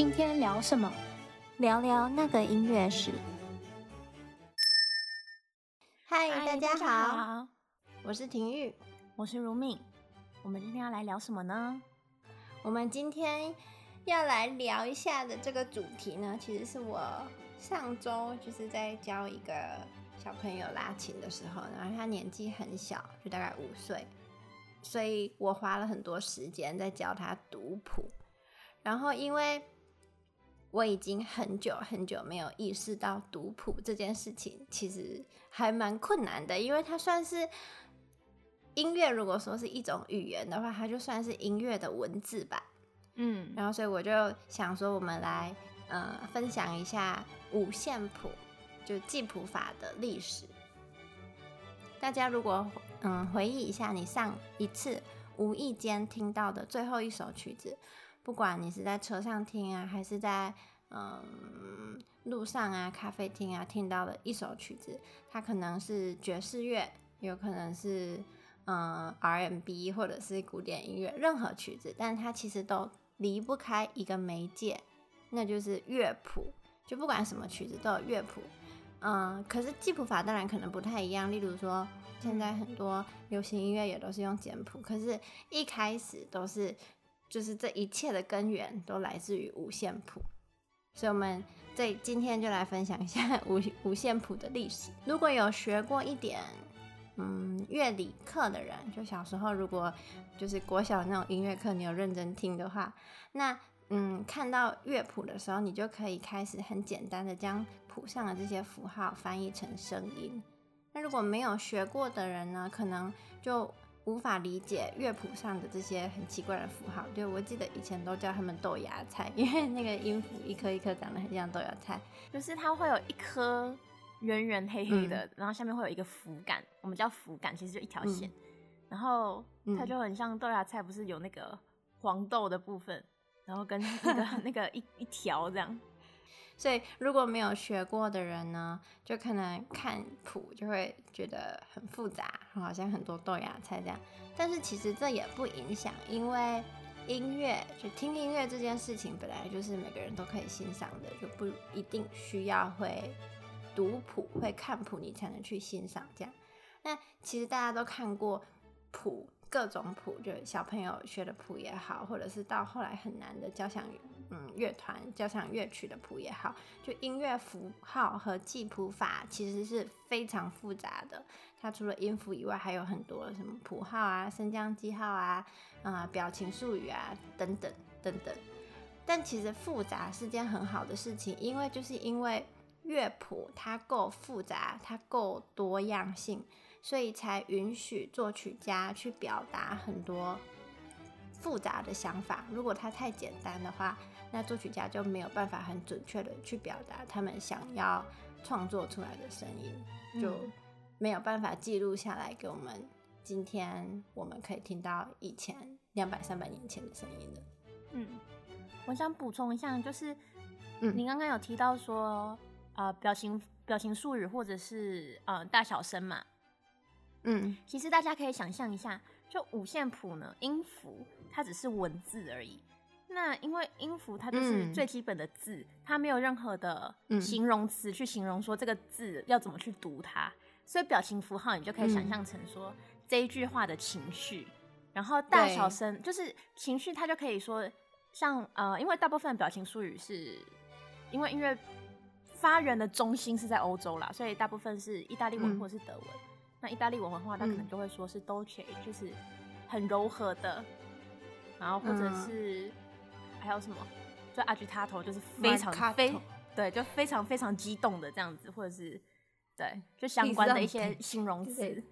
今天聊什麼？聊聊那個音樂史。嗨，大家好，Hi, 大家好，我是婷玉，我是如敏。我們今天要來聊什麼呢？我們今天要來聊一下的這個主題呢，其實是我上周就是在教一個小朋友拉琴的時候，然後他年紀很小，就大概五歲，所以我花了很多時間在教他讀譜，然後因為。我已經很久很久沒有意識到讀譜這件事情其實還蠻困難的，因為它算是音樂，如果說是一種語言的話，它就算是音樂的文字吧。嗯，然後所以我就想說，我們來呃分享一下五線譜就記譜法的歷史。大家如果嗯回憶一下，你上一次無意間聽到的最後一首曲子。不管你是在車上聽啊，還是在嗯路上啊、咖啡廳啊聽到的一首曲子，它可能是爵士樂，有可能是嗯 R&B 或者是古典音樂，任何曲子，但它其實都離不開一個媒介，那就是樂譜。就不管什麼曲子都有樂譜，嗯，可是記譜法當然可能不太一樣。例如說，現在很多流行音樂也都是用簡譜，可是一開始都是。就是這一切的根源都來自於五線譜，所以我們這今天就來分享一下五五線譜的歷史。如果有學過一點嗯樂理課的人，就小時候如果就是國小的那種音樂課，你有認真聽的話，那嗯看到樂譜的時候，你就可以開始很簡單的將譜上的這些符號翻譯成聲音。那如果沒有學過的人呢，可能就。無法理解樂譜上的這些很奇怪的符號，就我記得以前都叫他們豆芽菜，因為那個音符一顆一顆長得很像豆芽菜，就是它會有一顆圓圓黑黑的，嗯、然後下面會有一個符桿，我們叫符桿，其實就一條線，嗯、然後它就很像豆芽菜，不是有那個黃豆的部分，然後跟那個那個一 一條這樣。所以如果沒有學過的人呢，就可能看譜就會覺得很複雜，好像很多豆芽菜這樣。但是其實這也不影響，因為音樂就聽音樂這件事情本來就是每個人都可以欣賞的，就不一定需要會讀譜、會看譜，你才能去欣賞這樣。那其實大家都看過譜，各種譜，就小朋友學的譜也好，或者是到後來很難的交響樂。樂團、嗯、加上樂曲的譜也好，就音樂符號和記譜法其實是非常複雜的。它除了音符以外，還有很多什麼譜號啊、升降記號啊、啊、呃、表情術語啊等等等等。但其實複雜是件很好的事情，因為就是因為樂譜它夠複雜，它夠多樣性，所以才允許作曲家去表達很多複雜的想法。如果它太簡單的話，那作曲家就沒有辦法很準確的去表達他們想要創作出來的聲音，嗯、就沒有辦法記錄下來給我們。今天我們可以聽到以前兩百三百年前的聲音的。嗯，我想補充一下，就是，嗯，你剛剛有提到說，啊、嗯呃，表情表情術語或者是啊、呃、大小聲嘛，嗯，其實大家可以想象一下，就五線譜呢，音符它只是文字而已。那因為音符它就是最基本的字，嗯、它沒有任何的形容詞去形容說這個字要怎麼去讀它，嗯、所以表情符號你就可以想象成說這一句話的情緒，嗯、然後大小聲對就是情緒，它就可以說像呃，因為大部分表情術語是因為音樂發源的中心是在歐洲啦，所以大部分是意大利文或者是德文。嗯、那意大利文的話它可能就會說是 dolce，嗯、就是很柔和的，然後或者是。嗯還有什麼？就阿菊他頭就是非常非對，就非常非常激動的這樣子，或者是對，就相關的一些形容詞。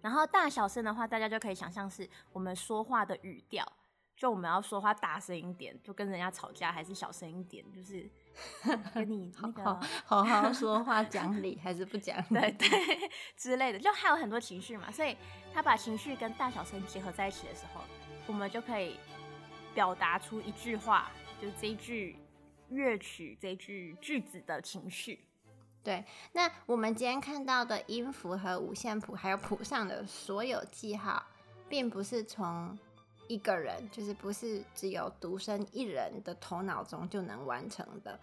然後大小聲的話，大家就可以想象是我們說話的語調，就我們要說話大聲一點，就跟人家吵架還是小聲一點，就是跟你那個 好，好，好好說話講理還是不講理，對對之類的，就還有很多情緒嘛。所以他把情緒跟大小聲結合在一起的時候，我們就可以。表達出一句話，就這句樂曲這句句子的情緒。對，那我們今天看到的音符和五線譜，還有譜上的所有記號，並不是從一個人，就是不是只有獨身一人的頭腦中就能完成的。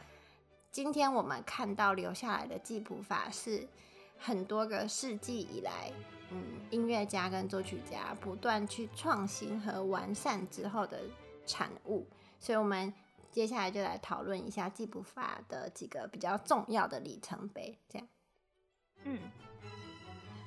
今天我們看到留下來的記譜法，是很多個世紀以來，嗯，音樂家跟作曲家不斷去創新和完善之後的。產物，所以，我們接下來就來討論一下記譜法的幾個比較重要的里程碑。這樣，嗯，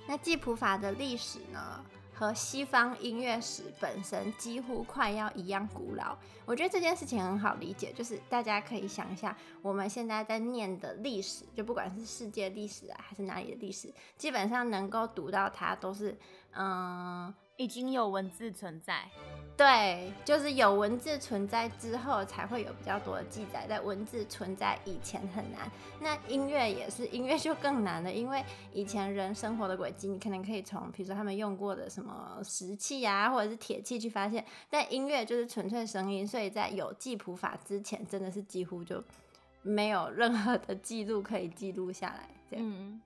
那記譜法的歷史呢，和西方音樂史本身幾乎快要一樣古老。我覺得這件事情很好理解，就是大家可以想一下，我們現在在念的歷史，就不管是世界歷史啊，還是哪裡的歷史，基本上能夠讀到它，都是嗯。已經有文字存在，對，就是有文字存在之後，才會有比較多的記載。在文字存在以前很難，那音樂也是，音樂就更難了，因為以前人生活的軌跡，你可能可以從，比如說他們用過的什麼石器啊，或者是鐵器去發現。但音樂就是純粹聲音，所以在有記譜法之前，真的是幾乎就沒有任何的記錄可以記錄下來。這樣，嗯，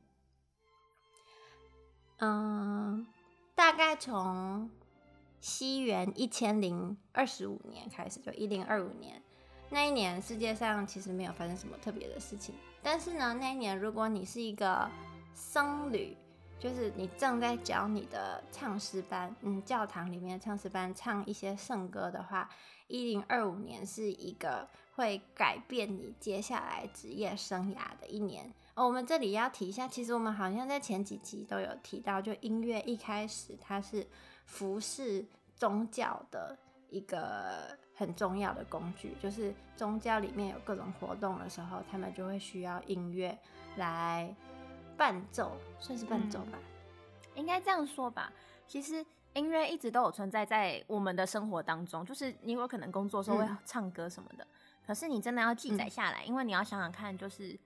嗯、uh。大概從西元一千零二十五年開始，就一零二五年那一年，世界上其實沒有發生什麼特別的事情。但是呢，那一年如果你是一個僧侶，就是你正在教你的唱詩班，嗯，教堂裡面唱詩班唱一些聖歌的話，一零二五年是一個會改變你接下來職業生涯的一年。哦，我們這裡要提一下，其實我們好像在前幾集都有提到，就音樂一開始它是服侍宗教的一個很重要的工具，就是宗教裡面有各種活動的時候，他們就會需要音樂來伴奏，算是伴奏吧，嗯、應該這樣說吧。其實音樂一直都有存在在我們的生活當中，就是你有可能工作的時候會唱歌什麼的，嗯、可是你真的要記載下來，嗯、因為你要想想看，就是。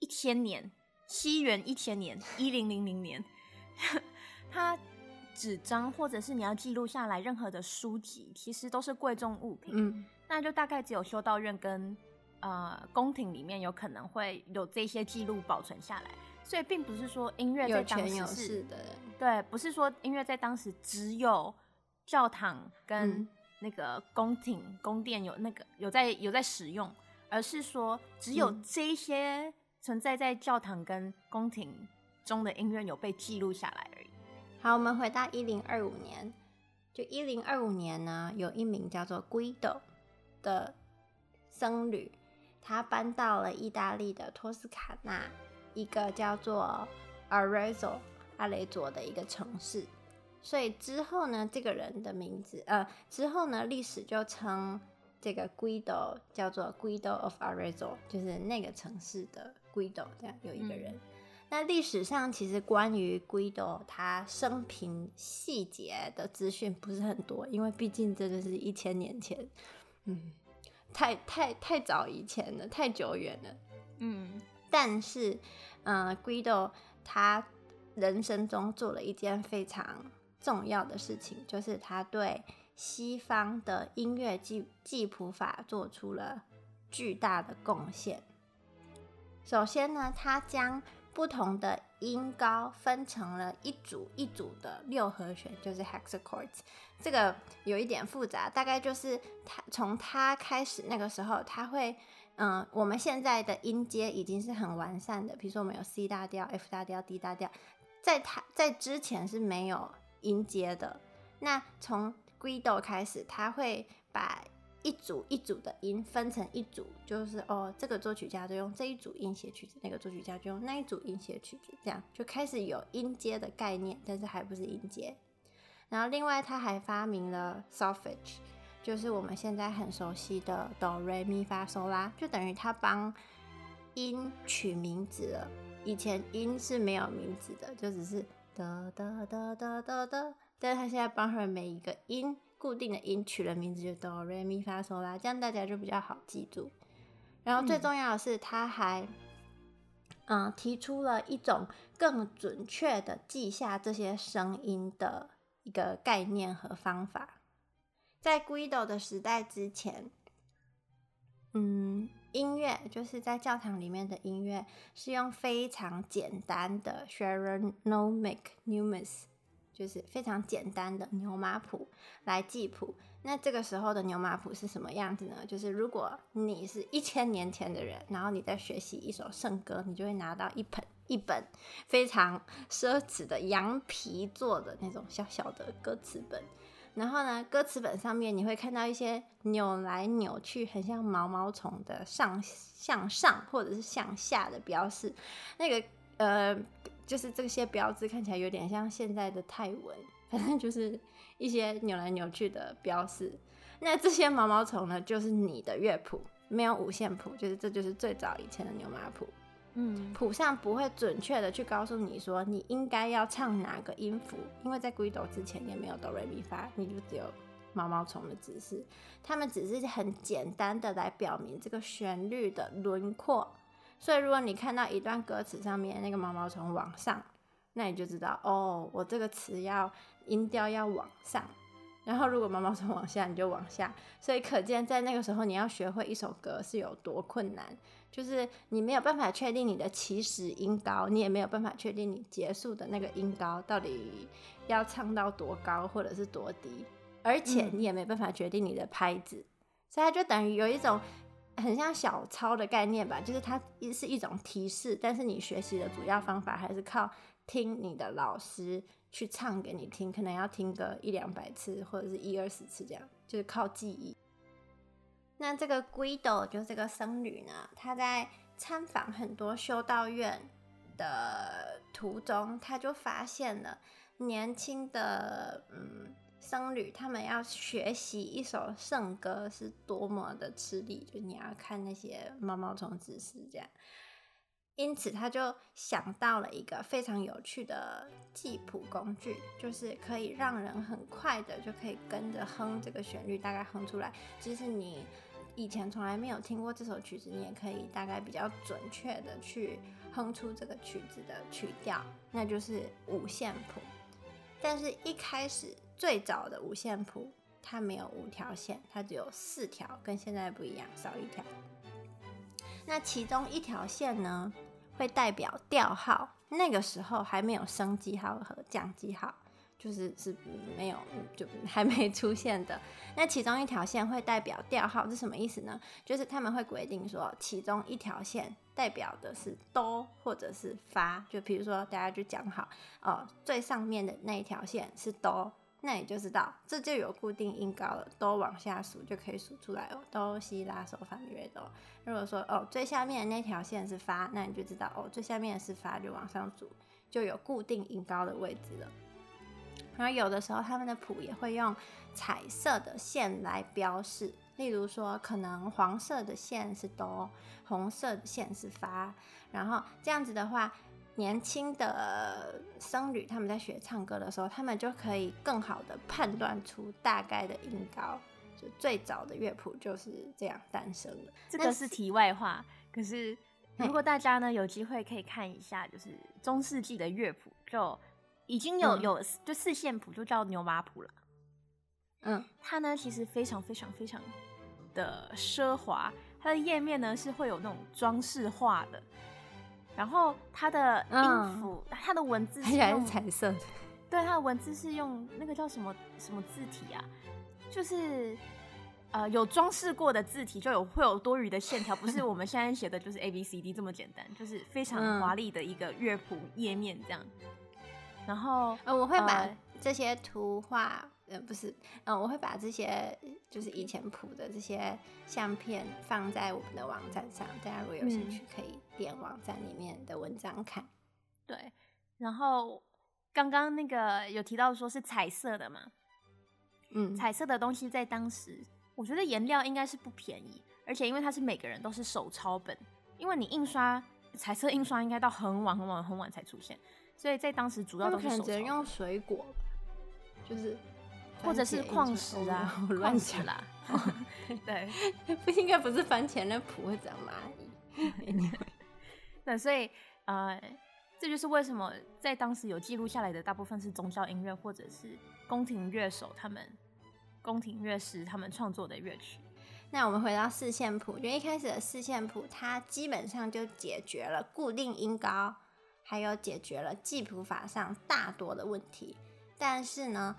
一千年，西元一千年，一零零零年，它紙張或者是你要記錄下來任何的書籍，其實都是貴重物品。嗯、那就大概只有修道院跟呃宮廷裡面有可能會有這些記錄保存下來。所以並不是說音樂在當時是，有有是的，對，不是說音樂在當時只有教堂跟那個宮廷宮、嗯、殿有那個有在有在使用，而是說只有這些。存在在教堂跟宮廷中的音樂有被記錄下來而已。好，我們回到一零二五年，就一零二五年呢，有一名叫做 Guido 的僧侶，他搬到了意大利的托斯卡納一個叫做 Arezzo 阿雷佐的一個城市。所以之後呢，這個人的名字，呃，之後呢，歷史就稱這個 Guido 叫做 Guido of Arezzo，就是那個城市的。Guido 這樣有一個人，嗯，那歷史上其實關於 Guido 他生平細節的資訊不是很多，因為畢竟真的是一千年前，嗯，太太太早以前了，太久遠了，嗯。但是，嗯，呃，Guido 他人生中做了一件非常重要的事情，就是他對西方的音樂記記譜法做出了巨大的貢獻。首先呢，他將不同的音高分成了一組一組的六和弦，就是 hexachords。這個有一點複雜，大概就是他從他開始那個時候，他會嗯、呃，我們現在的音階已經是很完善的，比如說我們有 C 大調、F 大調、D 大調，在他，在之前是沒有音階的。那從 Guido 開始，他會把一組一組的音分成一組，就是哦，這個作曲家就用這一組音寫曲子，那個作曲家就用那一組音寫曲子，這樣就開始有音階的概念，但是還不是音階。然後另外他還發明了 s o p f a g e 就是我們現在很熟悉的 do re mi ola, 就等於他幫音取名字了。以前音是沒有名字的，就只是噠噠噠噠噠噠，但是他現在幫上每一個音。固定的音取了名字就，就哆來咪發唆啦，這樣大家就比較好記住。然後最重要的是，他還嗯、呃、提出了一種更準確的記下這些聲音的一個概念和方法。在 Guido 的時代之前，嗯，音樂就是在教堂裡面的音樂是用非常簡單的 cheironomic neumes。就是非常簡單的牛馬譜來記譜。那這個時候的牛馬譜是什麼樣子呢？就是如果你是一千年前的人，然後你在學習一首聖歌，你就會拿到一本一本非常奢侈的羊皮做的那種小小的歌詞本。然後呢，歌詞本上面你會看到一些扭來扭去，很像毛毛蟲的上向上或者是向下的標示。那個呃。就是這些標誌看起來有點像現在的泰文，反正就是一些扭來扭去的標示。那這些毛毛蟲呢，就是你的樂譜，沒有五線譜，就是這就是最早以前的牛馬譜。嗯，譜上不會準確的去告訴你說你應該要唱哪個音符，因為在 Guido 之前也沒有哆來咪發，你就只有毛毛蟲的指示。他們只是很簡單的來表明這個旋律的輪廓。所以，如果你看到一段歌詞上面那個毛毛蟲往上，那你就知道哦，我這個詞要音調要往上。然後，如果毛毛蟲往下，你就往下。所以，可見在那個時候，你要學會一首歌是有多困難。就是你沒有辦法確定你的起始音高，你也沒有辦法確定你結束的那個音高到底要唱到多高或者是多低，而且你也沒辦法決定你的拍子。所以，它就等於有一種。很像小抄的概念吧，就是它是一種提示，但是你學習的主要方法還是靠聽你的老師去唱給你聽，可能要聽個一兩百次或者是一二十次這樣，就是靠記憶。那這個 Guido，就是這個僧侶呢，他在參訪很多修道院的途中，他就發現了年輕的嗯，僧侶他們要學習一首聖歌是多麼的吃力，就是你要看那些毛毛蟲指示這樣，因此他就想到了一個非常有趣的記譜工具，就是可以讓人很快的就可以跟着哼這個旋律，大概哼出來。即使你以前從來沒有聽過這首曲子，你也可以大概比較準確的去哼出這個曲子的曲調，那就是五線譜。但是，一開始。最早的五線譜，它沒有五條線，它只有四條，跟現在不一樣，少一條。那其中一條線呢，會代表調號。那個時候還沒有升記號和降記號，就是是沒有，就還沒出現的。那其中一條線會代表調號，是什麼意思呢？就是他們會規定說，其中一條線代表的是哆或者是發。就比如說大家就講好，哦，最上面的那一條線是哆。那你就知道，這就有固定音高了，都往下數就可以數出來哦。哆西拉嗦發咪瑞哆，哦。如果說哦最下面那條線是發，那你就知道哦最下面是發，就往上數就有固定音高的位置了。然後有的時候他們的譜也會用彩色的線來標示，例如說可能黃色的線是哆，紅色的線是發，然後這樣子的話，年輕的僧侶他們在學唱歌的時候，他們就可以更好的判斷出大概的音高。就最早的樂譜就是這樣誕生了。這個是題外話。是可是如果大家呢、嗯、有機會可以看一下，就是中世紀的樂譜，就已經有、嗯、有就四線譜，就叫紐姆譜了。嗯，它呢其實非常非常非常的奢華，它的頁面呢是會有那種裝飾畫的。然後它的音符，嗯、它的文字是，是、哎、彩色，對，它的文字是用那個叫什麼什麼字體啊？就是呃有裝飾過的字體，就有會有多餘的線條， 不是我們現在寫的就是 A B C D 這麼簡單，就是非常華麗的一個樂譜頁面這樣。然後呃，我會把、呃、這些圖畫。呃，不是，嗯，我會把這些就是以前譜的這些相片放在我們的網站上，大家如果有興趣可以點網站裡面的文章看。對，然後剛剛那個有提到說是彩色的嘛，嗯，彩色的東西在當時，我覺得顏料應該是不便宜，而且因為它是每個人都是手抄本，因為你印刷，彩色印刷應該到很晚很晚很晚才出現，所以在當時主要都是手抄。可能只能用水果吧，就是。或者是礦石啊，亂講啦。 對， 不應該不是番茄的譜會長螞蟻。那 所以，呃，這就是為什麼在當時有記錄下來的大部分是宗教音樂，或者是宮廷樂手他們、宮廷樂師他們創作的樂曲。那我們回到四線譜，就一開始的四線譜它基本上就解決了固定音高，還有解決了記譜法上大多的問題，但是呢。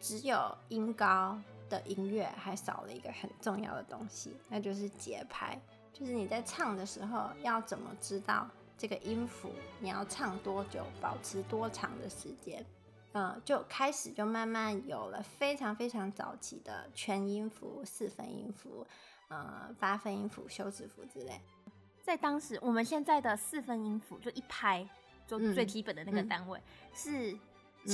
只有音高的音樂還少了一個很重要的東西，那就是節拍，就是你在唱的時候要怎麼知道這個音符你要唱多久，保持多長的時間？嗯、呃，就開始就慢慢有了非常非常早期的全音符、四分音符、呃八分音符、休止符之類。在當時，我們現在的四分音符就一拍，就最基本的那個單位、嗯嗯、是。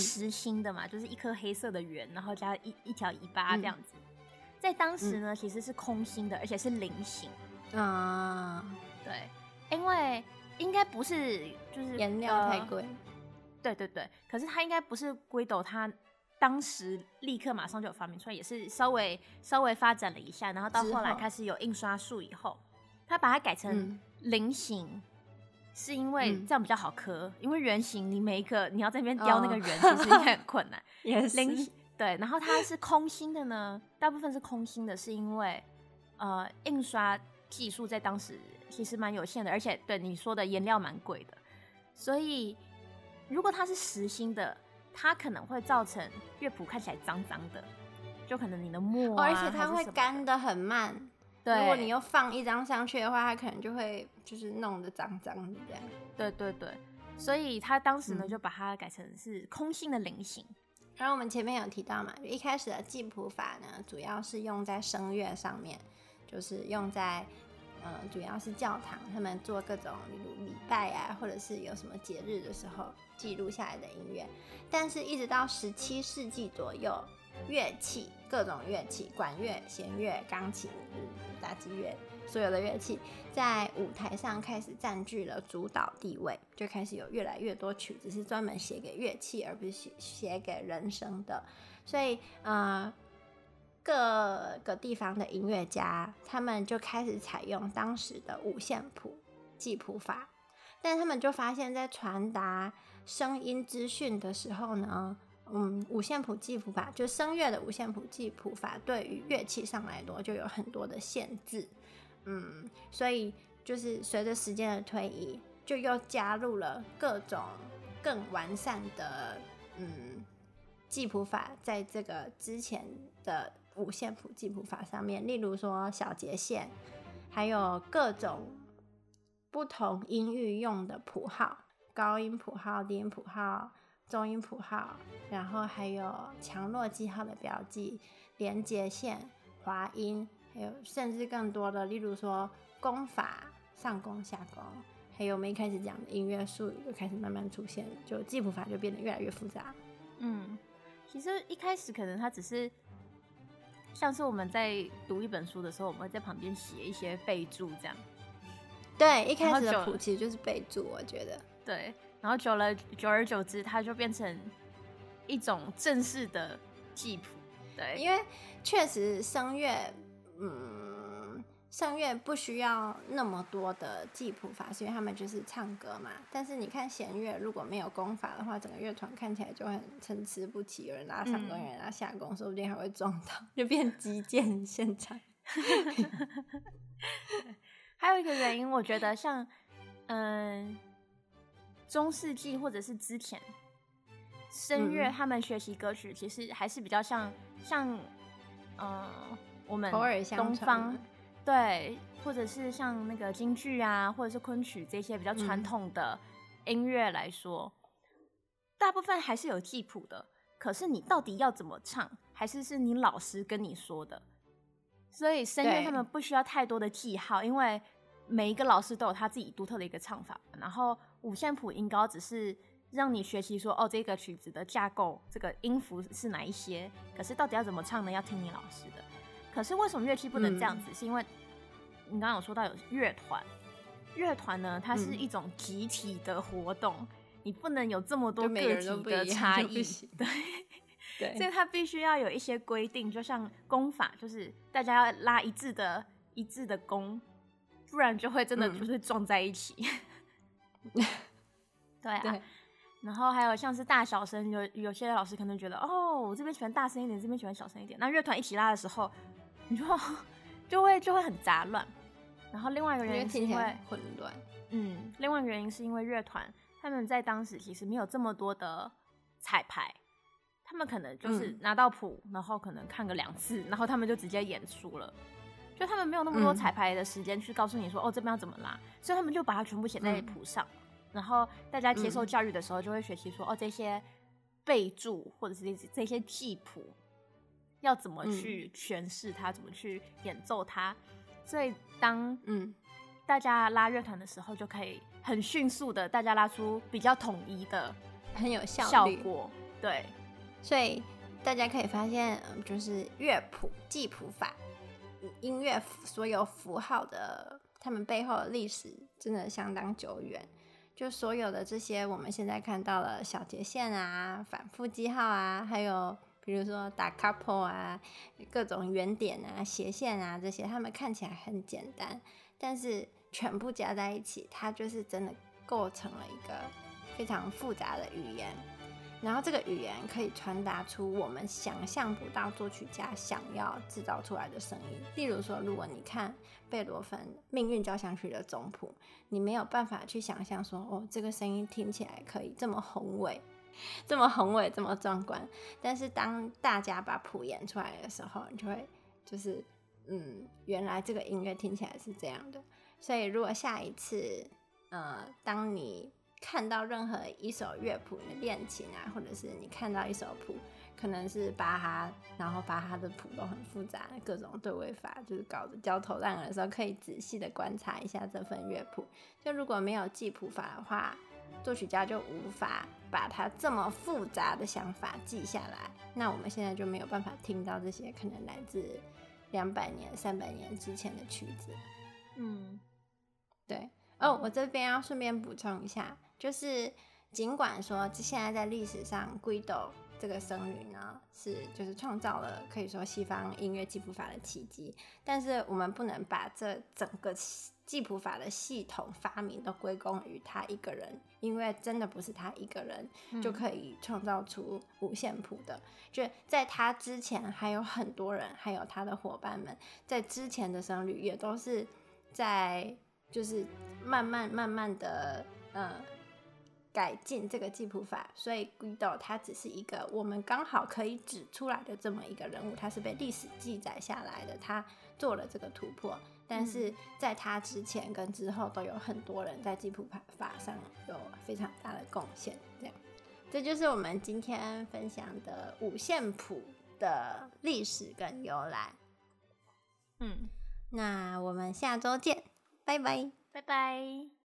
實心的嘛，就是一顆黑色的圓，然後加一一條尾巴這樣子。嗯、在當時呢，嗯、其實是空心的，而且是菱形。啊、嗯，對，因為應該不是，就是顏料太貴、呃。對對對，可是他應該不是圭多，他當時立刻馬上就有發明出來，也是稍微稍微發展了一下，然後到後來開始有印刷術以後，他好把它改成菱形。嗯是因為這樣比較好刻，嗯、因為圓形，你每一個你要在那邊雕那個圓，其實應該很困難。也、哦、 始對，然後它是空心的呢， 大部分是空心的，是因為、呃、印刷技術在當時其實蠻有限的，而且對你說的顏料蠻貴的，所以如果它是實心的，它可能會造成樂譜看起來髒髒的，就可能你的墨、啊哦、而且它會乾的很慢。對如果你又放一張上去的話，它可能就會就是弄得髒髒的這樣。對對對，所以他當時呢、嗯、就把它改成是空心的菱形。然後我們前面有提到嘛，一開始的記譜法呢，主要是用在聲樂上面，就是用在嗯、呃，主要是教堂他們做各種禮拜啊，或者是有什麼節日的時候記錄下來的音樂。但是一直到十七世紀左右，樂器各種樂器，管樂、弦樂、鋼琴。嗯打擊樂所有的樂器在舞台上開始佔據了主導地位，就開始有越來越多曲子是專門寫給樂器而不是寫寫給人聲的，所以呃各個地方的音樂家他們就開始採用當時的五線譜記譜法，但他們就發現，在傳達聲音資訊的時候呢。嗯，五線譜記譜法就聲樂的五線譜記譜法，樂譜譜法對於樂器上來說就有很多的限制。嗯，所以就是隨着時間的推移，就又加入了各種更完善的嗯記譜法在這個之前的五線譜記譜法上面，例如說小節線，還有各種不同音域用的譜號，高音譜號、低音譜號。中音譜號，然後還有強弱記號的標記、連接線、滑音，還有甚至更多的，例如說弓法、上弓、下弓，還有我們一開始講的音樂術語就開始慢慢出現，就記譜法就變得越來越複雜。嗯，其實一開始可能它只是像是我們在讀一本書的時候，我們會在旁邊寫一些備註，這樣。對，一開始的譜其實就是備註，我覺得。對。然後久了，久而久之，它就變成一種正式的記譜。對，因為確實聲樂，嗯，聲樂不需要那麼多的記譜法，所以他們就是唱歌嘛。但是你看弦樂，如果沒有弓法的話，整個樂團看起來就很參差不齊，有人拉，啊、上弓，啊，有人拉下弓，說不定還會撞到，嗯、就變擊劍現場。還有一個原因，我覺得像，嗯、呃。中世紀或者是之前，聲樂他們學習歌曲其實還是比較像、嗯、像，嗯、呃，我們東方對，或者是像那個京劇啊，或者是昆曲這些比較傳統的音樂來說，嗯、大部分還是有記譜的。可是你到底要怎麼唱，還是是你老師跟你說的。所以對聲樂他們不需要太多的記號，因為每一個老師都有他自己獨特的一個唱法，然後。五線譜音高只是讓你學習說哦，這個曲子的架構，這個音符是哪一些。可是到底要怎麼唱呢？要聽你老師的。可是為什麼樂器不能這樣子？嗯、是因為你剛剛有說到有樂團，樂團呢，它是一種集體的活動，嗯、你不能有這麼多個體的差異。對，對所以它必須要有一些規定，就像弓法，就是大家要拉一致的一致的弓，不然就會真的就是撞在一起。嗯 對、啊、對，然後還有像是大小聲，有有些老師可能覺得，哦，我這邊喜歡大聲一點，這邊喜歡小聲一點。那樂團一起拉的時候，你就就，就會就會很雜亂。然後另外一個原因是因為混亂，為嗯，另外一個原因是因為樂團他們在當時其實沒有這麼多的彩排，他們可能就是拿到譜，嗯、然後可能看個兩次，然後他們就直接演出了。就他們沒有那麼多彩排的時間去告訴你說，嗯、哦，這邊要怎麼拉，所以他們就把它全部寫在譜上，嗯、然後大家接受教育的時候就會學習說，嗯、哦，這些備註或者是這些這些記譜要怎麼去詮釋它，嗯、怎麼去演奏它，所以當嗯大家拉樂團的時候，就可以很迅速的，大家拉出比較統一的很有效果，對，所以大家可以發現，就是樂譜記譜法。音樂所有符號的他們背後的歷史真的相當久遠，就所有的這些我們現在看到了小節線啊、反復記號啊，還有比如說打 couple 啊、各種圓點啊、斜線啊這些，他們看起來很簡單，但是全部加在一起，它就是真的構成了一個非常複雜的語言。然後這個語言可以傳達出我們想象不到作曲家想要制造出來的聲音。例如說，如果你看貝多芬《命運交響曲》的總譜，你沒有辦法去想象說，哦，這個聲音聽起來可以這麼,這麼宏偉，這麼宏偉，這麼壯觀。但是當大家把譜演出來的時候，你就會就是，嗯，原來這個音樂聽起來是這樣的。所以如果下一次，呃，當你看到任何一首樂譜的練琴啊，或者是你看到一首譜，可能是巴哈，然後巴哈的譜都很複雜，各種對位法，就是搞得焦頭爛額的時候，可以仔細的觀察一下這份樂譜。就如果沒有記譜法的話，作曲家就無法把它這麼複雜的想法記下來，那我們現在就沒有辦法聽到這些可能來自兩百年、三百年之前的曲子。嗯，對。哦，我這邊要順便補充一下。就是，儘管說現在在歷史上，Guido 這個僧侶呢是就是創造了可以說西方音樂記譜法的奇蹟，但是我們不能把這整個記譜法的系統發明都歸功於他一個人，因為真的不是他一個人、嗯、就可以創造出五線譜的，就在他之前還有很多人，還有他的夥伴們，在之前的僧侶也都是在就是慢慢慢慢的，嗯、呃。改進這個記譜法，所以 Guido 他只是一個我們剛好可以指出來的這麼一個人物，他是被歷史記載下來的，他做了這個突破。但是在他之前跟之後都有很多人在記譜法上有非常大的貢獻。這樣，這就是我們今天分享的五線譜的歷史跟由來。嗯，那我們下周見，拜拜，拜拜。